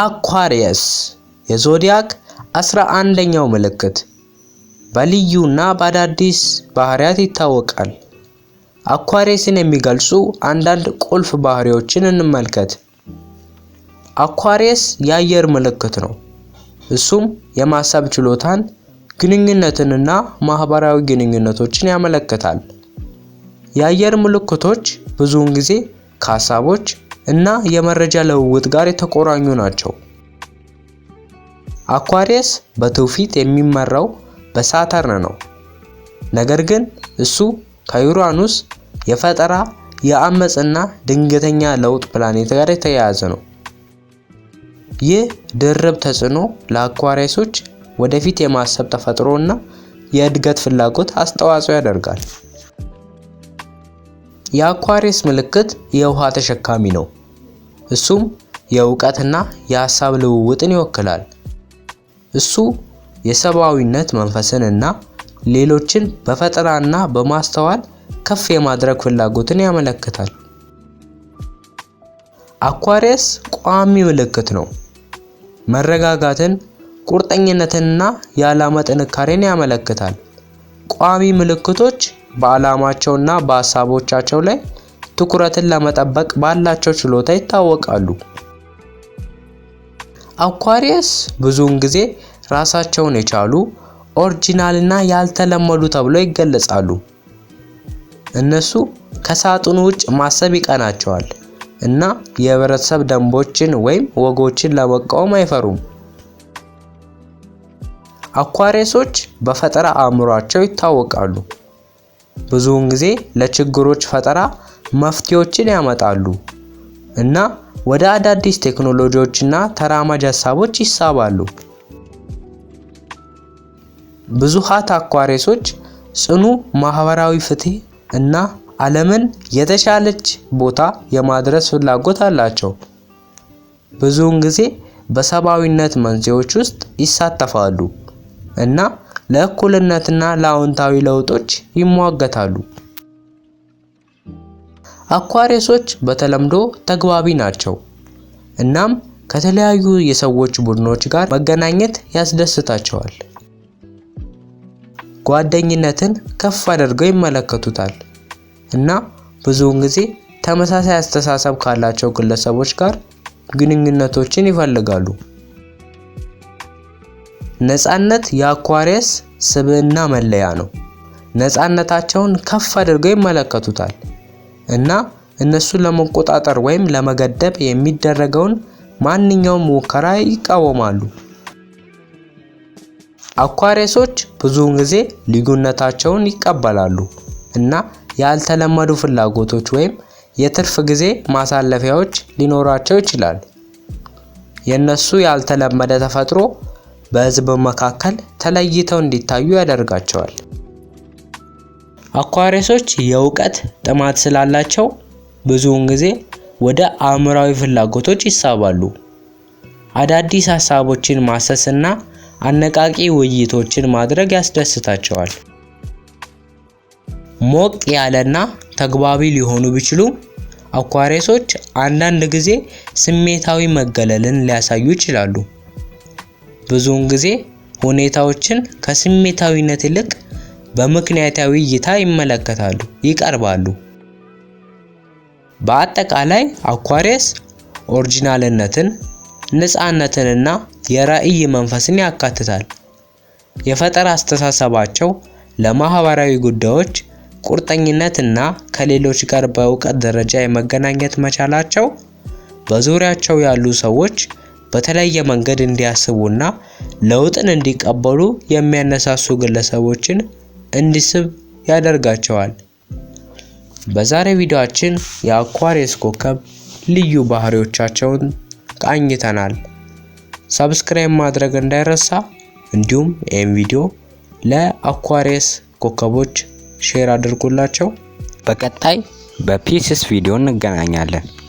አኳሪየስ የዞዲያክ አስራ አንደኛው ምልክት በልዩና በአዳዲስ ባህሪያት ይታወቃል። አኳሪየስን የሚገልጹ አንዳንድ ቁልፍ ባህሪዎችን እንመልከት። አኳሪየስ የአየር ምልክት ነው። እሱም የማሰብ ችሎታን፣ ግንኙነትንና ማህበራዊ ግንኙነቶችን ያመለክታል። የአየር ምልክቶች ብዙውን ጊዜ ከሀሳቦች እና የመረጃ ልውውጥ ጋር የተቆራኙ ናቸው። አኳሪየስ በትውፊት የሚመራው በሳተርን ነው። ነገር ግን እሱ ከዩራኑስ የፈጠራ የአመፅና ድንገተኛ ለውጥ ፕላኔት ጋር የተያያዘ ነው። ይህ ድርብ ተጽዕኖ ለአኳሪየሶች ወደፊት የማሰብ ተፈጥሮ እና የእድገት ፍላጎት አስተዋጽኦ ያደርጋል። የአኳሪየስ ምልክት የውሃ ተሸካሚ ነው። እሱም የእውቀትና የሀሳብ ልውውጥን ይወክላል። እሱ የሰብአዊነት መንፈስን ሌሎችን በፈጠራና በማስተዋል ከፍ የማድረግ ፍላጎትን ያመለክታል። አኳሪየስ ቋሚ ምልክት ነው። መረጋጋትን፣ ቁርጠኝነትንና የዓላማ ጥንካሬን ያመለክታል። ቋሚ ምልክቶች በዓላማቸውና በሀሳቦቻቸው ላይ ትኩረትን ለመጠበቅ ባላቸው ችሎታ ይታወቃሉ። አኳሪየስ ብዙውን ጊዜ ራሳቸውን የቻሉ ኦሪጂናልና ያልተለመዱ ተብለው ይገለጻሉ። እነሱ ከሳጥኑ ውጭ ማሰብ ይቀናቸዋል እና የህብረተሰብ ደንቦችን ወይም ወጎችን ለመቃወም አይፈሩም። አኳሪየሶች በፈጠራ አእምሯቸው ይታወቃሉ። ብዙውን ጊዜ ለችግሮች ፈጠራ መፍትሄዎችን ያመጣሉ እና ወደ አዳዲስ ቴክኖሎጂዎችና ተራማጅ ሀሳቦች ይሳባሉ። ብዙሃት አኳሬሶች ጽኑ ማህበራዊ ፍትህ እና ዓለምን የተሻለች ቦታ የማድረስ ፍላጎት አላቸው። ብዙውን ጊዜ በሰብአዊነት መንስኤዎች ውስጥ ይሳተፋሉ እና ለእኩልነትና ለአዎንታዊ ለውጦች ይሟገታሉ። አኳሪየሶች በተለምዶ ተግባቢ ናቸው፣ እናም ከተለያዩ የሰዎች ቡድኖች ጋር መገናኘት ያስደስታቸዋል። ጓደኝነትን ከፍ አድርገው ይመለከቱታል እና ብዙውን ጊዜ ተመሳሳይ አስተሳሰብ ካላቸው ግለሰቦች ጋር ግንኙነቶችን ይፈልጋሉ። ነፃነት የአኳሪየስ ስብዕና መለያ ነው። ነፃነታቸውን ከፍ አድርገው ይመለከቱታል እና እነሱን ለመቆጣጠር ወይም ለመገደብ የሚደረገውን ማንኛውም ሙከራ ይቃወማሉ። አኳሪየሶች ብዙውን ጊዜ ልዩነታቸውን ይቀበላሉ እና ያልተለመዱ ፍላጎቶች ወይም የትርፍ ጊዜ ማሳለፊያዎች ሊኖራቸው ይችላል። የእነሱ ያልተለመደ ተፈጥሮ በህዝብ መካከል ተለይተው እንዲታዩ ያደርጋቸዋል። አኳሪሶች የእውቀት ጥማት ስላላቸው ብዙውን ጊዜ ወደ አእምራዊ ፍላጎቶች ይሳባሉ። አዳዲስ ሀሳቦችን ማሰስ እና አነቃቂ ውይይቶችን ማድረግ ያስደስታቸዋል። ሞቅ ያለና ተግባቢ ሊሆኑ ቢችሉም አኳሬሶች አንዳንድ ጊዜ ስሜታዊ መገለልን ሊያሳዩ ይችላሉ። ብዙውን ጊዜ ሁኔታዎችን ከስሜታዊነት ይልቅ በምክንያታዊ እይታ ይመለከታሉ፣ ይቀርባሉ። በአጠቃላይ አኳሪየስ ኦሪጂናልነትን፣ ነፃነትንና የራዕይ መንፈስን ያካትታል። የፈጠራ አስተሳሰባቸው ለማህበራዊ ጉዳዮች ቁርጠኝነትና ከሌሎች ጋር በእውቀት ደረጃ የመገናኘት መቻላቸው በዙሪያቸው ያሉ ሰዎች በተለየ መንገድ እንዲያስቡና ለውጥን እንዲቀበሉ የሚያነሳሱ ግለሰቦችን እንዲስብ ያደርጋቸዋል። በዛሬ ቪዲዮአችን የአኳሪየስ ኮከብ ልዩ ባህሪዎቻቸውን ቃኝተናል። ሰብስክራይብ ማድረግ እንዳይረሳ፣ እንዲሁም ይህም ቪዲዮ ለአኳሪየስ ኮከቦች ሼር አድርጉላቸው። በቀጣይ በፒስስ ቪዲዮ እንገናኛለን።